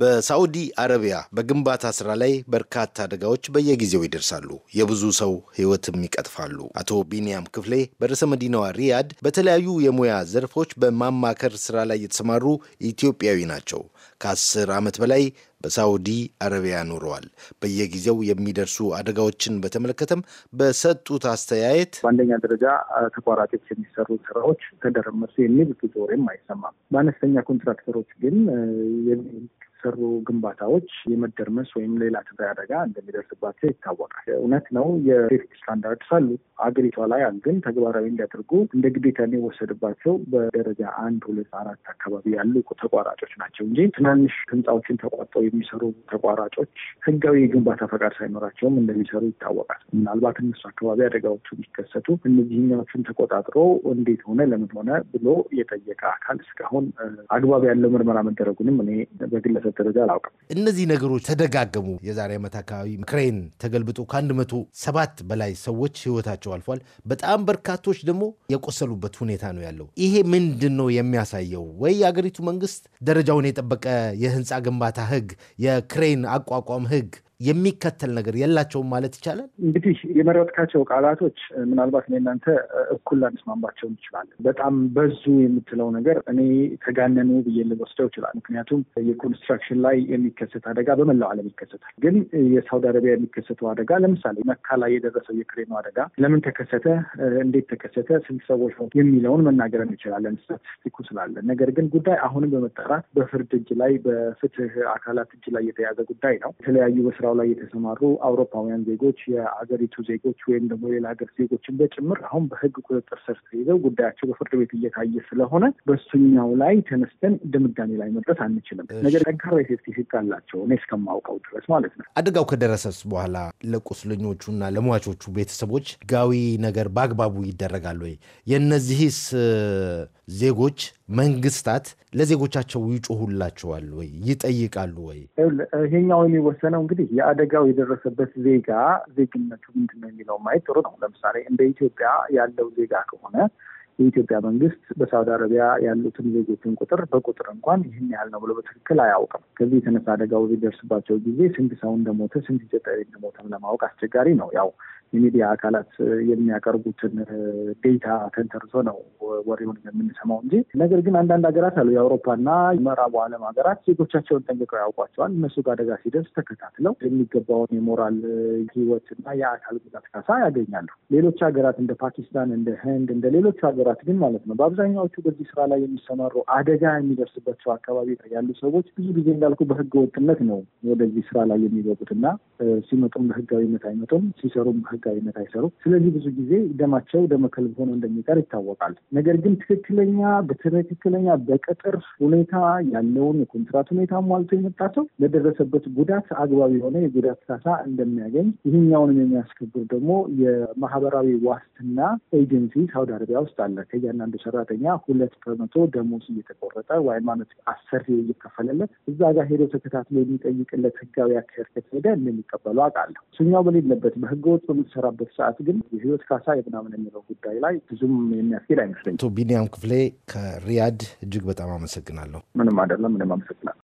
በሳዑዲ አረቢያ በግንባታ ስራ ላይ በርካታ አደጋዎች በየጊዜው ይደርሳሉ፣ የብዙ ሰው ህይወትም ይቀጥፋሉ። አቶ ቢንያም ክፍሌ በርዕሰ መዲናዋ ሪያድ በተለያዩ የሙያ ዘርፎች በማማከር ስራ ላይ የተሰማሩ ኢትዮጵያዊ ናቸው። ከአስር ዓመት በላይ በሳውዲ አረቢያ ኑረዋል። በየጊዜው የሚደርሱ አደጋዎችን በተመለከተም በሰጡት አስተያየት በአንደኛ ደረጃ ተቋራጮች የሚሰሩ ስራዎች ተደረመሱ የሚል ብዙ ወሬም አይሰማም። በአነስተኛ ኮንትራክተሮች ግን የሚሰሩ ግንባታዎች የመደርመስ ወይም ሌላ ትግራይ አደጋ እንደሚደርስባቸው ይታወቃል። እውነት ነው፣ የሴፍቲ ስታንዳርድስ አሉ አገሪቷ ላይ ግን ተግባራዊ እንዲያደርጉ እንደ ግዴታ የሚወሰድባቸው በደረጃ አንድ ሁለት አራት አካባቢ ያሉ ተቋራጮች ናቸው እንጂ ትናንሽ ህንፃዎችን ተቋርጠው የሚሰሩ ተቋራጮች ህጋዊ የግንባታ ፈቃድ ሳይኖራቸውም እንደሚሰሩ ይታወቃል። ምናልባት እነሱ አካባቢ አደጋዎቹ ቢከሰቱ እነዚህኛዎቹን ተቆጣጥሮ እንዴት ሆነ ለምን ሆነ ብሎ የጠየቀ አካል እስካሁን አግባብ ያለው ምርመራ መደረጉንም እኔ በግለሰብ ደረጃ አላውቅም። እነዚህ ነገሮች ተደጋገሙ። የዛሬ ዓመት አካባቢ ክሬን ተገልብጦ ከአንድ መቶ ሰባት በላይ ሰዎች ህይወታቸው አልፏል። በጣም በርካቶች ደግሞ የቆሰሉበት ሁኔታ ነው ያለው። ይሄ ምንድን ነው የሚያሳየው? ወይ የአገሪቱ መንግስት ደረጃውን የጠበቀ የህንፃ ግንባታ ህግ የክሬን አቋቋም ህግ የሚከተል ነገር የላቸውም ማለት ይቻላል። እንግዲህ የመረጥካቸው ቃላቶች ምናልባት እኔ እናንተ እኩል ላንስማማባቸው እንችላለን። በጣም በዙ የምትለው ነገር እኔ ተጋነኑ ብዬ ልወስደው ይችላል። ምክንያቱም የኮንስትራክሽን ላይ የሚከሰት አደጋ በመላው ዓለም ይከሰታል። ግን የሳውዲ አረቢያ የሚከሰተው አደጋ ለምሳሌ መካ ላይ የደረሰው የክሬኑ አደጋ ለምን ተከሰተ፣ እንዴት ተከሰተ፣ ስንት ሰዎች ነው የሚለውን መናገር እንችላለን ስታቲስቲኩ ስላለን። ነገር ግን ጉዳይ አሁንም በመጠራት በፍርድ እጅ ላይ በፍትህ አካላት እጅ ላይ የተያዘ ጉዳይ ነው የተለያዩ በስራ በስራው ላይ የተሰማሩ አውሮፓውያን ዜጎች የአገሪቱ ዜጎች ወይም ደግሞ ሌላ ሀገር ዜጎችን በጭምር አሁን በህግ ቁጥጥር ስር ተይዘው ጉዳያቸው በፍርድ ቤት እየታየ ስለሆነ በሱኛው ላይ ተነስተን ድምዳሜ ላይ መድረስ አንችልም። ነገር ጠንካራ የሴፍቲ ህግ አላቸው እኔ እስከማውቀው ድረስ ማለት ነው። አደጋው ከደረሰስ በኋላ ለቁስለኞቹና ለሟቾቹ ቤተሰቦች ህጋዊ ነገር በአግባቡ ይደረጋል ወይ? የእነዚህስ ዜጎች መንግስታት ለዜጎቻቸው ይጮሁላቸዋል ወይ ይጠይቃሉ ወይ? ይሄኛው የሚወሰነው እንግዲህ የአደጋው የደረሰበት ዜጋ ዜግነቱ ምንድን ነው የሚለው ማየት ጥሩ ነው። ለምሳሌ እንደ ኢትዮጵያ ያለው ዜጋ ከሆነ የኢትዮጵያ መንግስት በሳውዲ አረቢያ ያሉትን ዜጎችን ቁጥር በቁጥር እንኳን ይህን ያህል ነው ብሎ በትክክል አያውቅም። ከዚህ የተነሳ አደጋው ቢደርስባቸው ጊዜ ስንት ሰው እንደሞተ ስንት ኢትዮጵያዊ እንደሞተም ለማወቅ አስቸጋሪ ነው። ያው የሚዲያ አካላት የሚያቀርቡትን ዴታ ተንተርሶ ነው ወሬውን የምንሰማው እንጂ። ነገር ግን አንዳንድ ሀገራት አሉ የአውሮፓና ምዕራቡ ዓለም ሀገራት ዜጎቻቸውን ጠንቅቀው ያውቋቸዋል። እነሱ ጋር አደጋ ሲደርስ ተከታትለው የሚገባውን የሞራል ሕይወትና የአካል ጉዳት ካሳ ያገኛሉ። ሌሎች ሀገራት እንደ ፓኪስታን፣ እንደ ህንድ፣ እንደ ሌሎች ሀገራት ግን ማለት ነው በአብዛኛዎቹ በዚህ ስራ ላይ የሚሰማሩ አደጋ የሚደርስባቸው አካባቢ ያሉ ሰዎች ብዙ ጊዜ እንዳልኩ በህገ ወጥነት ነው ወደዚህ ስራ ላይ የሚገቡትና ሲመጡም በህጋዊነት አይመጡም ሲሰሩም በህጋዊነት አይሰሩም። ስለዚህ ብዙ ጊዜ ደማቸው ደመከልብ ሆኖ እንደሚቀር ይታወቃል። ነገር ግን ትክክለኛ በትክክለኛ በቅጥር ሁኔታ ያለውን የኮንትራት ሁኔታ ሟልቶ የመጣ ሰው ለደረሰበት ጉዳት አግባብ የሆነ የጉዳት ካሳ እንደሚያገኝ ይህኛውንም የሚያስከብር ደግሞ የማህበራዊ ዋስትና ኤጀንሲ ሳውዲ አረቢያ ውስጥ አለ። ከእያንዳንዱ ሰራተኛ ሁለት በመቶ ደሞዝ እየተቆረጠ ወይም ማለት አሰሪ እየከፈለለት እዛ ጋር ሄዶ ተከታትሎ የሚጠይቅለት ህጋዊ አካሄድ ከተሄደ እንደሚቀበሉ አውቃለሁ። እሱኛው በሌለበት በህገወጥ በምሰራበት ሰዓት ግን የህይወት ካሳ የምናምን የሚለው ጉዳይ ላይ ብዙም የሚያስኬድ አይመስለኝ። አቶ ቢኒያም ክፍሌ ከሪያድ እጅግ በጣም አመሰግናለሁ። ምንም አይደለም። ምንም አመሰግናለሁ።